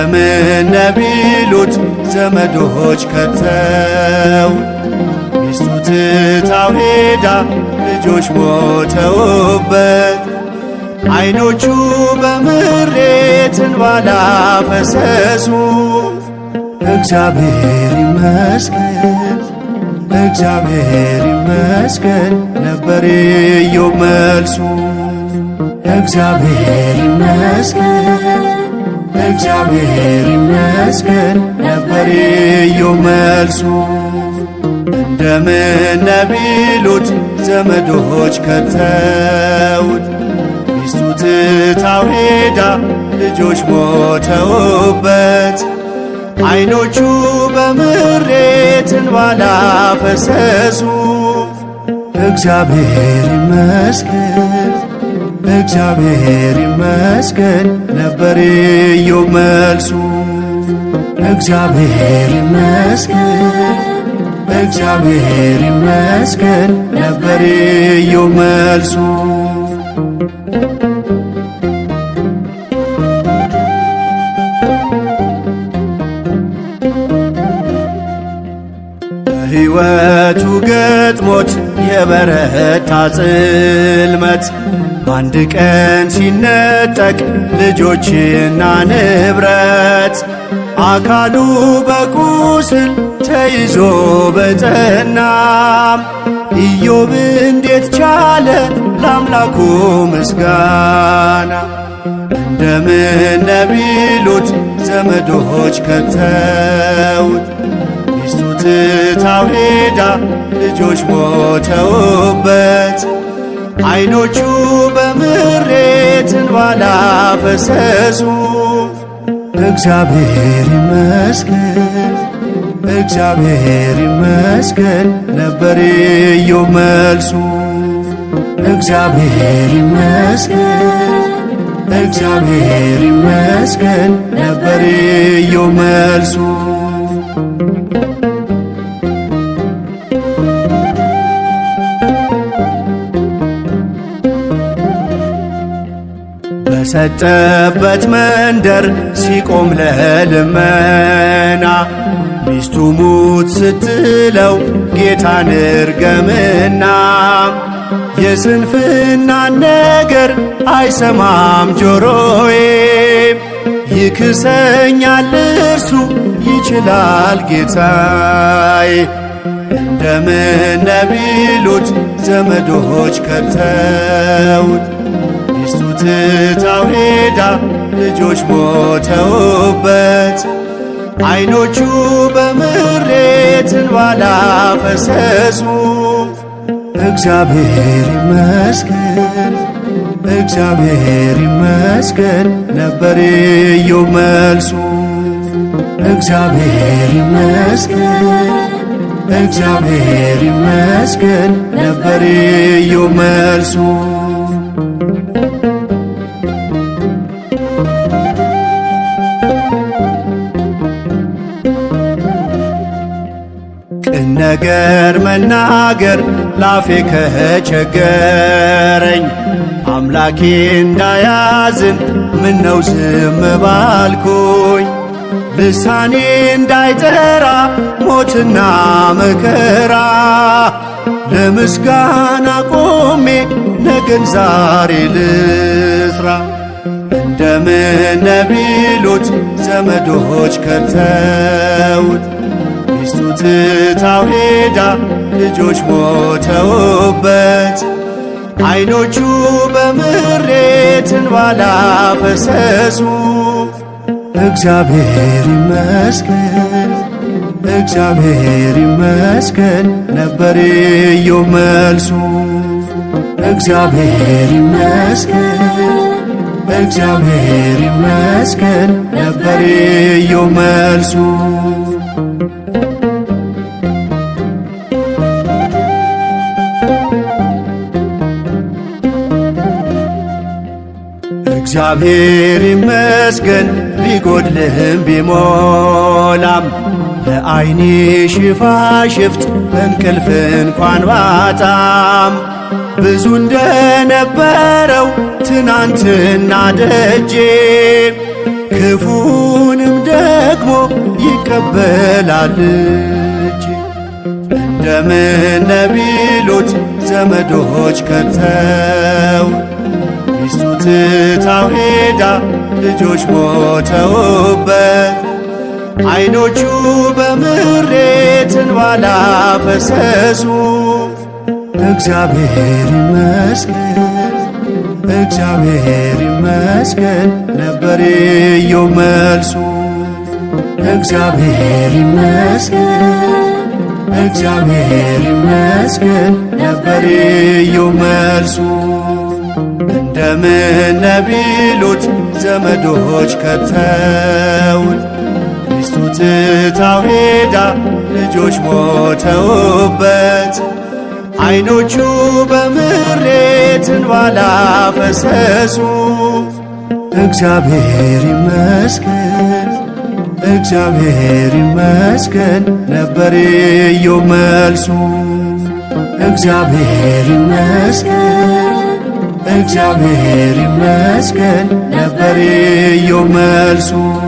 እንደምን ቢሉት ዘመዶች ከተው ሚስቱ ትታው ሄዳ ልጆች ሞተውበት አይኖቹ በምሬት እንባ ላፈሰሱ። እግዚአብሔር ይመስገን እግዚአብሔር ይመስገን ነበር ኢዮብ መልሱ። እግዚአብሔር ይመስገን እግዚአብሔር ይመስገን ነበር ኢዮብ መልሱ። እንደምን ቢሉት ዘመዶች ከተውት፣ ሚስቱ ትታው ሄዳ ልጆች ሞተውበት፣ ዓይኖቹ በምሬትን እንባ እግዚአብሔር ይመስገን እግዚአብሔር ይመስገን ነበር ኢዮብ መልሱ። እግዚአብሔር ይመስገን እግዚአብሔር ይመስገን ነበር ኢዮብ መልሱ። ውበቱ ገጥሞት የበረታ ጽልመት በአንድ ቀን ሲነጠቅ ልጆችና ንብረት አካሉ በቁስል ተይዞ በጠናም ኢዮብ እንዴት ቻለ ለአምላኩ ምስጋና እንደምን ነቢሉት ዘመዶች ከተውት ሜዳ ልጆች ሞተውበት አይኖቹ በምሬት እንባ ላፈሰሱ። እግዚአብሔር ይመስገን እግዚአብሔር ይመስገን ነበር ኢዮብ መልሱ። እግዚአብሔር ይመስገን እግዚአብሔር ይመስገን ነበር ኢዮብ መልሱ። ሰጠበት መንደር ሲቆም ለልመና ሚስቱ ሙት ስትለው ጌታን እርገምና የስንፍና ነገር አይሰማም ጆሮዬ ይክሰኛል እርሱ ይችላል ጌታዬ እንደምን ነቢሉት ዘመዶች ከተው ልጆች ሞተውበት አይኖቹ በምሬት እንባ ላፈሰሱ። እግዚአብሔር ይመስገን፣ እግዚአብሔር ይመስገን ነበር ኢዮብ መልሱ። እግዚአብሔር ይመስገን እግዚአብሔር ይመስገን ነበር ኢዮብ መልሱ። ነገር መናገር ላፌ ከቸገረኝ አምላኬ እንዳያዝን ምነው ዝም ባልኩኝ ልሳኔ እንዳይጠራ ሞትና መከራ ለምስጋና ቆሜ ነገን ዛሬ ልስራ እንደምን ነቢሉት ዘመዶች ከተውት ሚስቱ ትታው ሜዳ ልጆች ሞተውበት አይኖቹ በምሬት እንባ ላፈሰሱ። እግዚአብሔር ይመስገን እግዚአብሔር ይመስገን ነበር ኢዮብ መልሱ። እግዚአብሔር ይመስገን እግዚአብሔር ይመስገን ነበር ኢዮብ መልሱ። እግዚአብሔር ይመስገን ቢጎድልህም ቢሞላም ለዐይኔ ሽፋሽፍት እንቅልፍ እንኳን ባጣም ብዙ እንደነበረው ትናንትና ደጄ ክፉንም ደግሞ ይቀበላል እጄ። እንደምን ነቢሉት ዘመዶች ከተው በዝታው ሄዳ ልጆች ሞተውበት አይኖቹ በምሬት እንባ ላፈሰሱ። እግዚአብሔር ይመስገን እግዚአብሔር ይመስገን ነበር የኢዮብ መልሱ። እግዚአብሔር ይመስገን እግዚአብሔር ይመስገን ነበር የኢዮብ መልሱ። እንደምን ቢሉት ዘመዶች ከተውት ሚስቱ ትታው ሄዳ ልጆች ሞተውበት አይኖቹ በምሬት እንባ ላፈሰሱ። እግዚአብሔር ይመስገን እግዚአብሔር ይመስገን ነበር ኢዮብ መልሱ። እግዚአብሔር ይመስገን እግዚአብሔር ይመስገን ነበር የው መልሱ።